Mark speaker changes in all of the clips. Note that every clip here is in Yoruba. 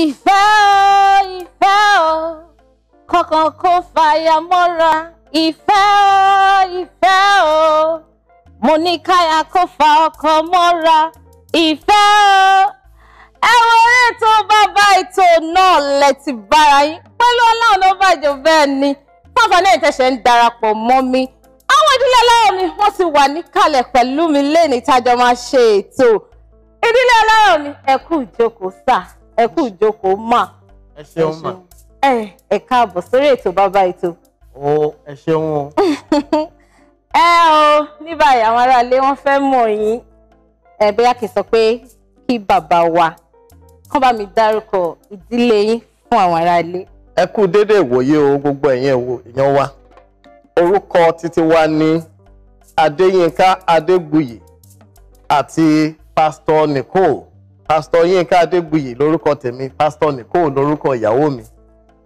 Speaker 1: ìfẹ́ o ìfẹ́ o kọ̀ọ̀kan kò fàyà mọ́ra ìfẹ́ o ìfẹ́ o mo ní káyà kó fa ọkọ̀ mọ́ra ìfẹ́ o ẹ wo orí ètò bàbá ètò náà lẹ ti bára yín pẹ̀lú Ọlá Ọnàbàjọ bẹ́ẹ̀ ni fáfáná ìtẹ̀sẹ̀ ń darapọ̀ mọ́ mi àwọn ìdílé aláyọ̀ mi wọ́n ti wà níkàlẹ̀ pẹ̀lú mi lẹ́ni tájọ máa ṣe ètò ìdílé aláyọ̀ mi ẹ ìjókòó sáà ẹ kú ìjókòó mà. ẹ ṣeun mà. ẹ ẹ káàbọ̀ sórí ètò bàbá ètò. o
Speaker 2: ẹ ṣeun o.
Speaker 1: ẹ o ní báyìí àwọn aráalé wọn fẹ́ mọ̀ yín ẹ bóyá kì í sọ pé kí bàbá wa kán bá mi dárúkọ ìdílé yín fún àwọn aráalé.
Speaker 2: ẹ kú dédé ìwòye o gbogbo ẹ̀yin èèyàn wa orúkọ títí wa ní Adéyínká Adégbùyè àti pásítọ̀ Nicole pásítọ̀ Yínká Adégbuyì lórúkọ tèmi pásítọ̀ Nìkó lórúkọ ìyàwó mi.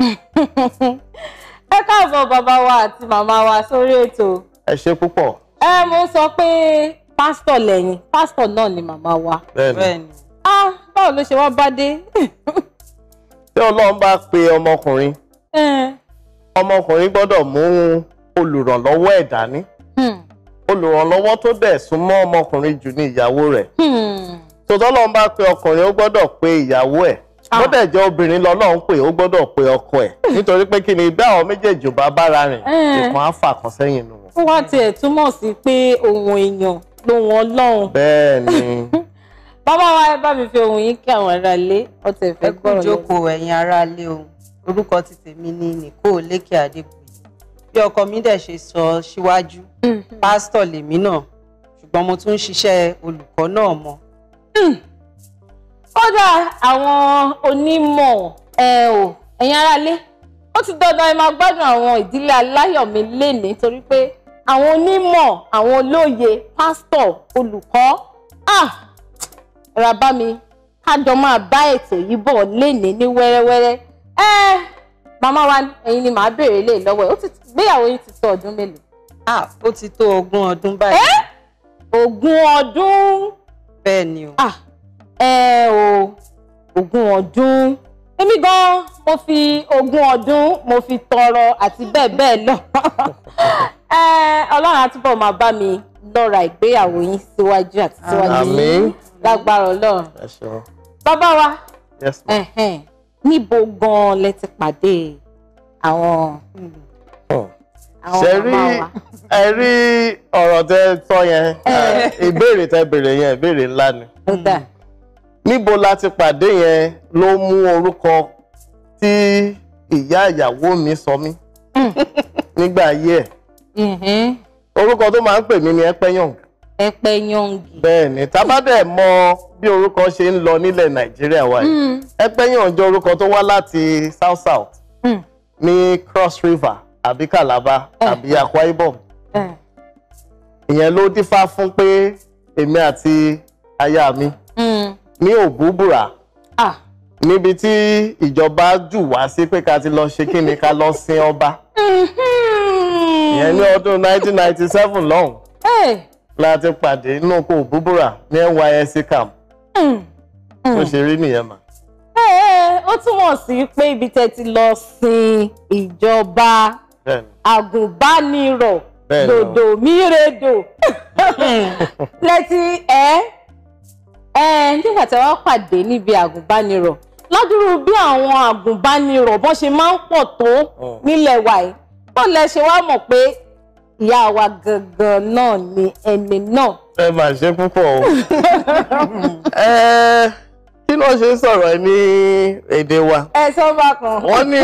Speaker 1: ẹ káàbọ̀ bàbá wa àti màmá wa sórí ètò.
Speaker 2: ẹ ṣe púpọ̀.
Speaker 1: ẹ mo sọ pé pásítọ̀ lẹ́yìn pásítọ̀ náà ni màmá wa. bẹ́ẹ̀ni. ah báwo ló ṣe wá bá dé.
Speaker 2: tí ọlọ́run bá pe ọmọkùnrin ọmọkùnrin gbọ́dọ̀ mú olùrànlọ́wọ́ ẹ̀ dání hmm. olùrànlọ́wọ́ tó dẹ̀ súnmọ́ ọmọkùnrin jù ní ìyàwó rẹ̀. Hmm tọ́lọ́run bá pe ọkùnrin ó gbọ́dọ̀ pe ìyàwó ẹ̀ gbọ́dọ̀ ah. jẹ́ obìnrin lọ́lọ́run pé ó gbọ́dọ̀ pe ọkọ ẹ̀ hmm. nítorí pé kí ni bí àwọn méjèèjì bá bára rìn ìkan eh. á fà kan sẹ́yìn nù.
Speaker 1: ó wá tiẹ̀ túmọ̀ sí pé ohun èèyàn lòun ọlọ́run.
Speaker 2: bẹ́ẹ̀ ni.
Speaker 1: bàbá wa bá mi fi ohun yín kí àwọn aráalé ọtẹ ìfẹ́
Speaker 3: gbọ́rọ̀ lẹ́yìn. ẹ kú jókòó ẹ̀yin aráalé o orúkọ ti tèmi ni Nicole Lékè Adébùyí bí ọkọ mi dẹ̀ ṣe sọ síwájú hmm. pásítọ̀ lèmi náà ṣùgbọ́n mo tún ń ṣiṣẹ́ olùkọ́ náà mọ́
Speaker 1: kódà àwọn onímọ̀ ẹ ò ẹ̀yin aráalé ó ti dandan ẹ máa gbádùn àwọn ìdílé aláyọ̀mí lénìí torí pé àwọn onímọ̀ àwọn olóye pásítọ̀ olùkọ́ ah ra bá mi ká jọ máa bá ètò yìí bọ̀ lénìí ní wẹ́rẹ́wẹ́rẹ́ ẹ màmá wa ẹ̀yin ni màá béèrè lè lọ́wọ́ ẹ̀ ó ti gbéyàwó yìí ti tó ọdún mélòó. ah ó ti tó ogún ọdún báyìí. ogún ọdún bẹ́ẹ̀ ni o. ah ẹ o ogun ọdún èmi gan mo fi ogun ọdún mo fi tọrọ àti bẹ́ẹ̀ bẹ́ẹ̀ lọ ẹ ọlọ́run àtúbọ̀ máa bá mi lọ́ra ìgbéyàwó yín síwájú àti síwájú yín lágbára ọlọ́run bàbá wa níbo gan lẹ ti pàdé àwọn. Mm -hmm
Speaker 4: ṣe rí
Speaker 2: ẹ rí ọ̀rọ̀ tẹ sọ yẹn ìbéèrè tẹ béèrè yẹn ìbéèrè ńlá ni hmm. níbo la ti pàdé yẹn ló mú orúkọ tí ìyá ìyàwó mi sọ mí hmm. nígbà ayé ẹ̀ mm-hmm. orúkọ tó máa ń pè mí ni ẹpẹyàn
Speaker 1: ẹpẹ yangi.
Speaker 2: bẹ́ẹ̀ni tábàdẹ mọ bí orúkọ ṣe ń lọ nílẹ̀ nàìjíríà wa yìí hmm. ẹpẹ yangi orúkọ tó wá láti south south mm. ní cross river àbí Calabar eh. àbí Akwa Ibom eh. ìyẹn ló dífá fún pé èmi àti aya mi hmm. ní òbúbùrà ah. níbi tí ìjọba jù wá sí pé ká ti lọ ṣe kí ni ká lọ sin ọba
Speaker 4: mm-hmm. ìyẹn ní
Speaker 2: ọdún 1997 lọ́hùn eh. la ti pàdé inú kò òbúbùrà ní NYSC camp tó hmm. hmm. ṣe rí nìyẹn mà.
Speaker 1: ó túmọ̀ sí pé ibi tẹ́ ti lọ sin ìjọba àgùnbánirọ̀ dòdò míredò lẹ́tí ẹ ẹ nígbà tí wọ́n pàdé níbi àgùnbánirọ̀ ládùúrú bí àwọn àgùnbánirọ̀ bọ́n ṣe máa ń pọ̀ tó nílẹ̀ wa yìí bọ́n lẹ ṣe wá mọ̀ pé ìyá wa gangan náà ni ẹni náà.
Speaker 2: ẹ mà ṣe púpọ̀ o kí ló ṣe sọ̀rọ̀ ní èdè wa.
Speaker 1: ẹ sọ bá kan. wọ́n ní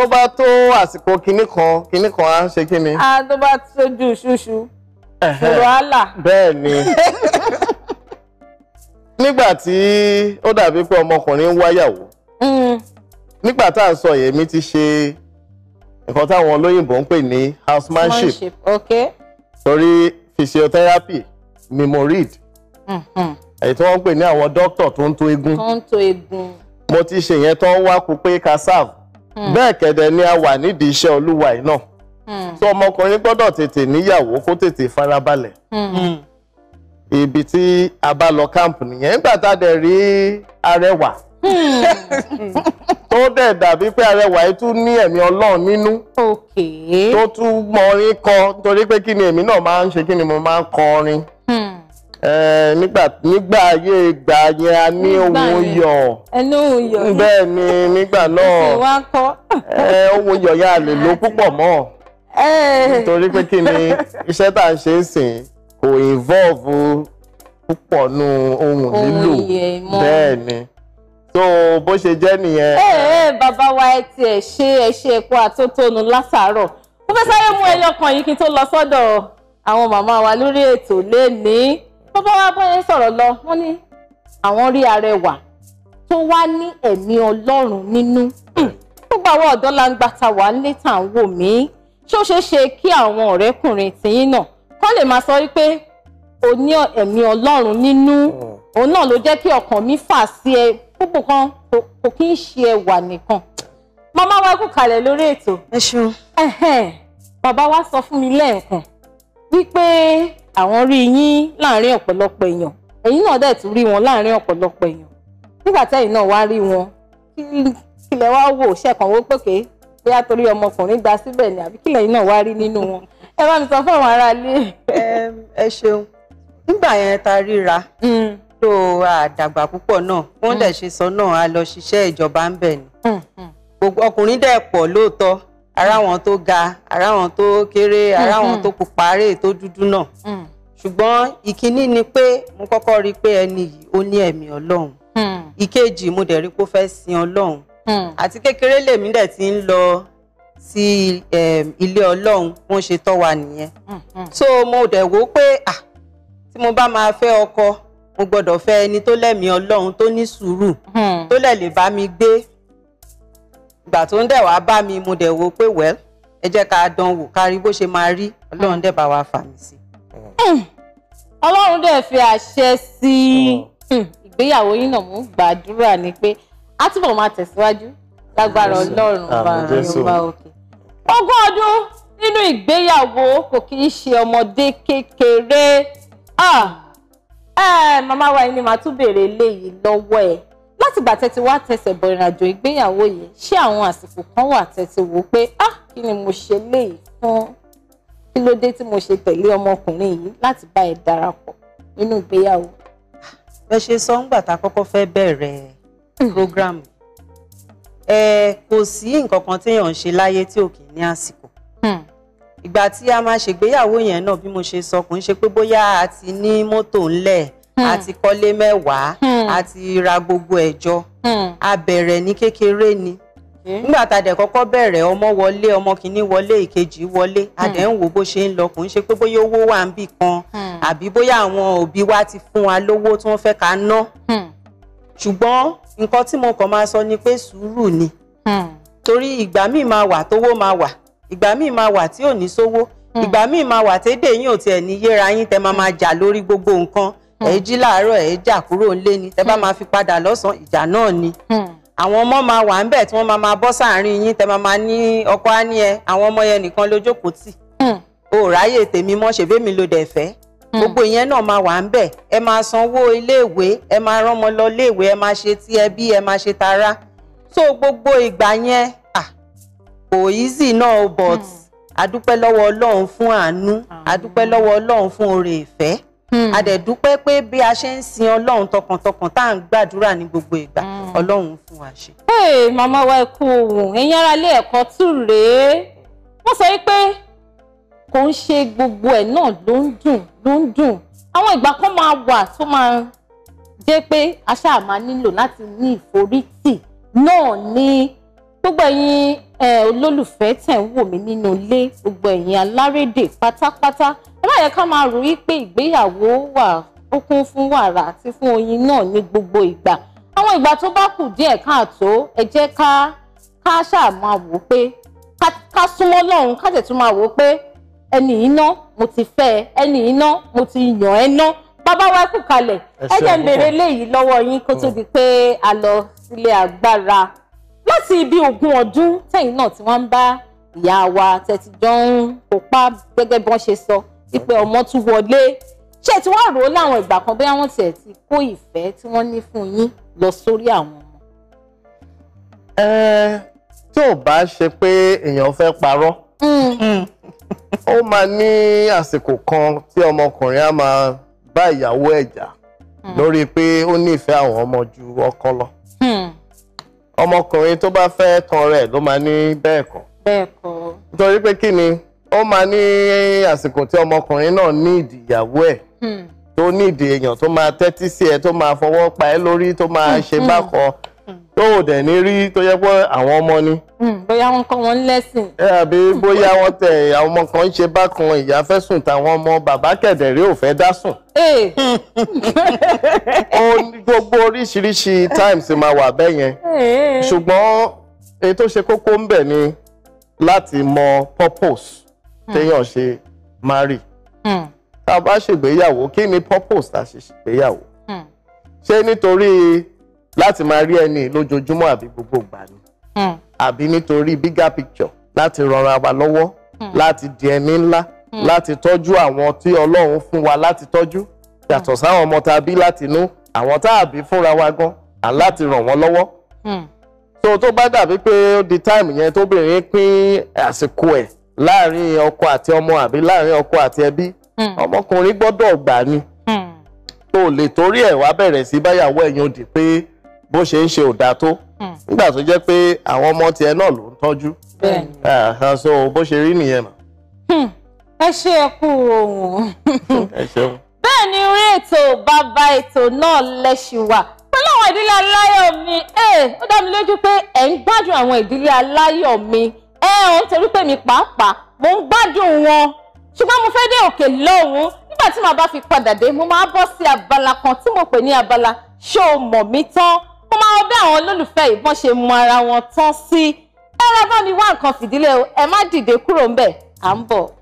Speaker 2: tó bá tó àsìkò kinní kan kinní kan á ṣe kinní.
Speaker 1: a tó bá tójú ṣúṣú
Speaker 2: ṣòro àlà. bẹ́ẹ̀ ni nígbà tí ó dàbí pé ọmọkùnrin ń wáyàwó mm. nígbà tá à ń sọ yẹn mi ti ṣe nǹkan táwọn olóyìnbó ń pè ní housemanship torí physiotherapy ni mo read mm-hmm. èyí tí wọ́n ń pè ní àwọn dókítà tó ń to egun mo ti ṣe yẹn tó ń wá kú pé ká serve Hmm. bẹ́ẹ̀ kẹ̀dẹ̀ ni a wà nídìí iṣẹ́ olúwa yìí náà hmm. so ọmọkùnrin gbọ́dọ̀ tètè níyàwó kó tètè farabalẹ̀ hmm. ibi tí a bá lọ káàmpù nìyẹn nígbà tá a dẹ̀ rí arẹwà tó dẹ̀ dàbí pé arẹwà yìí tún ní ẹ̀mí ọlọ́run nínú tó tún mọ orin kọ torí pé kí ni èmi náà máa ń ṣe kí ni mo máa ń kọ orin nígbà nígbà ayé ìgbà yẹn a ní ohun yọ bẹ́ẹ̀ ni nígbà náà ohun yọ yẹn a lè lo púpọ̀ mọ́ nítorí pé kí ni iṣẹ́ tá a ṣe ń sìn kò involve púpọ̀ nu ohun lílò bẹ́ẹ̀ ni tó bó ṣe jẹ́ nìyẹn. ẹ
Speaker 1: ẹ bàbá wa ẹ tiẹ̀ ṣe ẹ ṣe epo àtótónu látàárọ̀ mo fẹ́ sáré mú ẹyọ kan yìí kí n tó lọ sọ́dọ̀ àwọn màmá wa lórí ètò lẹ́ni tó bá wá bóyá sọ̀rọ̀ lọ wọ́n ní àwọn rí arẹwà tó wá ní ẹ̀mí ọlọ́run nínú hmm. gbogbo àwọn ọ̀dọ́ la ń gba ta wà nílé tà ń wò mí ṣé ó ṣeé ṣe kí àwọn ọ̀rẹ́kùnrin tìyín náà kọ́ lè máa sọ wípé o ní ẹ̀mí ọlọ́run nínú hmm. òun náà ló jẹ́ kí ọkàn mi fà sí ẹ púpọ̀ kan kò kí ń ṣe ẹwà nìkan màmá wa kú kalẹ̀ lórí ètò ẹ ṣeun bàbá wa sọ fún mi lẹ́ẹ̀kan wípé àwọn rí yín láàrin ọ̀pọ̀lọpọ̀ èèyàn ẹ̀yin náà dẹ̀ tún rí wọn láàrin ọ̀pọ̀lọpọ̀ èèyàn nígbà tẹ́yìn náà wá rí wọn kí lẹ wá wò ṣẹ̀kan wó pèké bóyá torí ọmọkùnrin gba síbẹ̀ ni àbí kí lẹ́yìn náà wá rí nínú wọn ẹ bá mi sọ fún àwọn aráalé. ẹ ṣeun
Speaker 3: nígbà yẹn ta ríra hmm. tó àdàgbà púpọ̀ náà wọ́n dẹ̀ hmm. ṣe sọ náà a lọ ṣiṣẹ́ ìjọba ń bẹ̀ ni
Speaker 4: hmm,
Speaker 3: ọkùnrin dẹ̀ pọ̀ lóòótọ́ ara wọn tó ga ara wọn tó kéré ara mm-hmm. wọn tó pupa aré tó dúdú náà mm. ṣùgbọ́n ìkíní ni pé mo kọ́kọ́ rí i pé ẹni yìí ó ní ẹ̀mí Ọlọ́run mm. ìkejì mo dẹ̀ rí i pé ó fẹ́ sin Ọlọ́run mm. àti kékeré lèmi dẹ̀ ti ń lọ sí ehm, ilé Ọlọ́run wọ́n ṣe tọ́ wa nìyẹn so mo dẹ̀ wò ó pé ah tí mo bá máa fẹ́ ọkọ mo gbọ́dọ̀ fẹ́ ẹni tó lẹ́mìí Ọlọ́run tó ní sùúrù tó lẹ̀ lè bá mi gbé ìgbà tó ń dẹ̀ bá mi mo dẹ̀ wo pé well ẹ jẹ́ ká dán wò kárí bó ṣe máa rí ọlọ́run dẹ̀ bá wa fà mí sí.
Speaker 1: Hmm. ọlọ́run dẹ̀ fi àṣẹ sí hmm. Hmm. ìgbéyàwó yín náà mú gbàdúrà ni pé a túbọ̀ máa tẹ̀síwájú lágbára ọlọ́run bá yorùbá òkè. ogún ọdún nínú ìgbéyàwó kò kì í ṣe ọmọdé kékeré ah. eh, mama wa ni màá tún béèrè eléyìí lọ́wọ́ ẹ̀ láti ìgbà tẹ́tí wá tẹsẹ̀ bọ̀ ìrìnàjò ìgbéyàwó yìí ṣé àwọn àsìkò kan wà tẹ́tí wò pé ah kí ni mo ṣe léyìí fún kí ló dé tí mo ṣe tẹ̀lé ọmọkùnrin yìí láti bá ẹ darapọ̀ nínú ìgbéyàwó. ẹ ṣe sọ ńgbà tá a kọ́kọ́ fẹ́ bẹ̀rẹ̀ hmm.
Speaker 3: program ẹ kò sí nǹkan kan téèyàn ń ṣe láyé tí ò kì í ní àsìkò hmm. ìgbà tí a máa ṣègbéyàwó yẹn náà bí mo ṣe sọ kò ń ṣe pé bóyá a ti ní mọ́tò ńlẹ̀ a hmm. ti kọ́lé mẹ́wàá a hmm. ti ra gbogbo ẹ̀jọ hmm. a bẹ̀rẹ̀ ní kékeré ni nígbà tá a dẹ̀ kọ́kọ́ bẹ̀rẹ̀ ọmọ wọlé ọmọ kìíní wọlé ìkejì wọlé a dẹ̀ ń wo bó ṣe ń lọ kò ń ṣe pé bóyá owó wà ń bì kan àbí bóyá àwọn òbí wa ti fún wa lówó tí wọ́n fẹ́ ká ná ṣùgbọ́n nǹkan tí mo kàn máa sọ ni pé sùúrù ni torí ìgbà míì máa wà tówó máa wà ìgbà míì máa wà tí ò ní sówó ìgbà míì máa wà tédè yín ò tiẹ̀ ní yéra yín tẹ́ máa máa jà lórí gbogbo nǹkan ẹ hmm. jí láàárọ̀ ẹ jà kúrò ńlé ni tẹ bá hmm. máa fi padà lọ́sàn ìjà náà ni hmm. àwọn ọmọ máa wà ńbẹ̀ tí wọ́n máa máa bọ́ sáàárín yín tẹ máa máa ní ọkọ á ní ẹ àwọn ọmọ yẹn nìkan lójókòó tì o ráyè tèmi mọ́ ṣèbémi ló dẹ̀ fẹ́ gbogbo ìyẹn náà máa wà ńbẹ̀ ẹ máa sanwó iléèwé ẹ máa rán ọmọ lọ iléèwé ẹ máa ṣe ti ẹbí ẹ máa ṣe tara so gbogbo ìgbà yẹn kò easy náà but adúpẹ́ lọ́wọ́ Ọlọ́run fún àánú adúpẹ́ lọ́wọ́ Ọlọ́run fún oore ìfẹ́ Hmm. a dẹ̀ dúpẹ́ pé bí a ṣe ń sin ọlọ́run tọkàntọkàn tá à ń gbàdúrà ní gbogbo ìgbà hmm. ọlọ́run fún wa ṣe.
Speaker 1: ee màmá wa ẹkú ohun ẹ̀yin ará ilé ẹ̀kọ́ tù rèé wọ́n sọ wípé kò ń ṣe gbogbo ẹ̀ náà ló ń dùn ló ń dùn àwọn ìgbà kan máa wà tó máa jẹ́ pé a ṣáà máa nílò láti ní ìforítì náà ní gbogbo ẹ̀yin eh, olólùfẹ́ tẹ̀ ń wò mí nínú ilé gbogbo ẹ̀yin alárédè pátápátá má yẹ ká máa rò wípé ìgbéyàwó wà ó kún fún wàrà àti fún oyin náà ní gbogbo ìgbà àwọn ìgbà tó bá kù díẹ̀ káàtó ẹ jẹ́ ká ká ṣáà máa wò ó pé ká súnmọ́ lọ́hùn ká tẹ̀ tún máa wò ó pé ẹni iná mo ti fẹ́ ẹ ẹni iná mo ti yàn ẹ ná bàbá wa kù kalẹ̀ ẹ jẹ́ ń béèrè léyìí lọ́wọ́ yín kó tó di pé a lọ sílé agbára láti ibi ogún ọdún tẹ̀yìn náà tí wọ́n ń bá ìyá wa tẹ̀tí jọ ń kópa gẹ́gẹ́ bí wọ́n ṣe sọ ìpè ọmọ tún wọlé ṣé tí wọ́n rò ó láwọn ìgbà kan bóyá wọ́n tiẹ̀ ti kó ìfẹ́ tí wọ́n ní fún yín lọ sórí àwọn ọmọ.
Speaker 2: ẹ tí ò bá ṣe pé èèyàn fẹ́ parọ́ hmm. ó máa ní àsìkò kan tí ọmọkùnrin á máa bá ìyàwó ẹ̀ jà hmm. lórí pé ó nífẹ̀ẹ́ àwọn ọmọ ju ọkọ lọ hmm. ọmọkùnrin tó bá fẹ́ tan rẹ̀ ló máa ní bẹ́ẹ̀ kọ́ bẹ́ẹ̀ kọ́ nítorí pé kí ni ó máa ní àsìkò tí ọmọkùnrin náà ní ìdìyàwó ẹ̀ hmm. tó ní ìdè èèyàn tó máa tẹ́tí sí ẹ tó máa fọwọ́ pa ẹ́ lórí tó máa hmm. ṣe hmm. bákan tó ò dẹ̀ ní rí tó yẹ pé àwọn ọmọ ni. bóyá wọn kọ́ wọn lẹ́sìn. ẹ àbí bóyá wọn tẹ àwọn ọmọ kan ń ṣe bákan ìyá fẹ́ sùn táwọn ọmọ bàbá kẹ̀dẹ̀ rí ò fẹ́ dá sùn. Eh. ó ní gbogbo oríṣiríṣi times máa wà bẹ́ẹ̀ yẹn eh. ṣùgbọ́n èyí tó ṣe kókó ń bẹ̀ ni láti mọ purpose. Hmm. téèyàn ṣe marry hmm. tá a bá ṣègbéyàwó kí ni purpose tá a ṣe ṣègbéyàwó hmm. ṣé nítorí láti máa rí ẹni lójoojúmọ́ àbí gbogbo ìgbà
Speaker 4: ni
Speaker 2: àbí nítorí bigger picture láti ranra wa lọ́wọ́ láti di ẹni ńlá láti tọ́jú àwọn tí Ọlọ́run fún wa láti tọ́jú yàtọ̀ sáwọn ọmọ tá a bí láti inú àwọn tá a bí fúnra wa gan à láti ràn wọ́n lọ́wọ́. so tó bá dàbí pé ó di yẹn tóbìnrin pín àsìkò ẹ̀ láàrin ọkọ àti ọmọ àbí láàrin ọkọ àti ẹbí hmm. ọmọkùnrin gbọ́dọ̀ gbà ni tó hmm. lè torí ẹ̀ wá bẹ̀rẹ̀ sí báyàwó ẹ̀yìn òdì pé bó ṣe ń ṣe ò dáa tó hmm. nígbà tó jẹ́ pé àwọn ọmọ tiẹ̀ náà ló ń tọ́jú so bó ṣe rí nìyẹn mà.
Speaker 4: ẹ ṣe ẹ kú ohun bẹ́ẹ̀ ni
Speaker 1: orí ètò bàbá ètò náà lẹ́ṣin wà pẹ̀lú àwọn ìdílé aláyọ̀ mi eh, ó dá mi lójú pé ẹ̀ ń gbádùn àwọn ìdílé aláyọ̀ mi ẹ ò ń torí pé mi pàápàá mo ń gbádùn wọn ṣùgbọ́n mo fẹ́ dé òkè lọ́hùn nígbà tí màá bá fi padà dé mo máa bọ́ sí abala kan tí mo pè ní abala ṣé o mọ̀ mí tán mo máa wọ bí àwọn olólùfẹ́ ìbọn ṣe mọ ara wọn tán sí ẹ rẹ bá mi wá nǹkan fìdílé o ẹ má dìde kúrò ńbẹ̀ à ń bọ̀.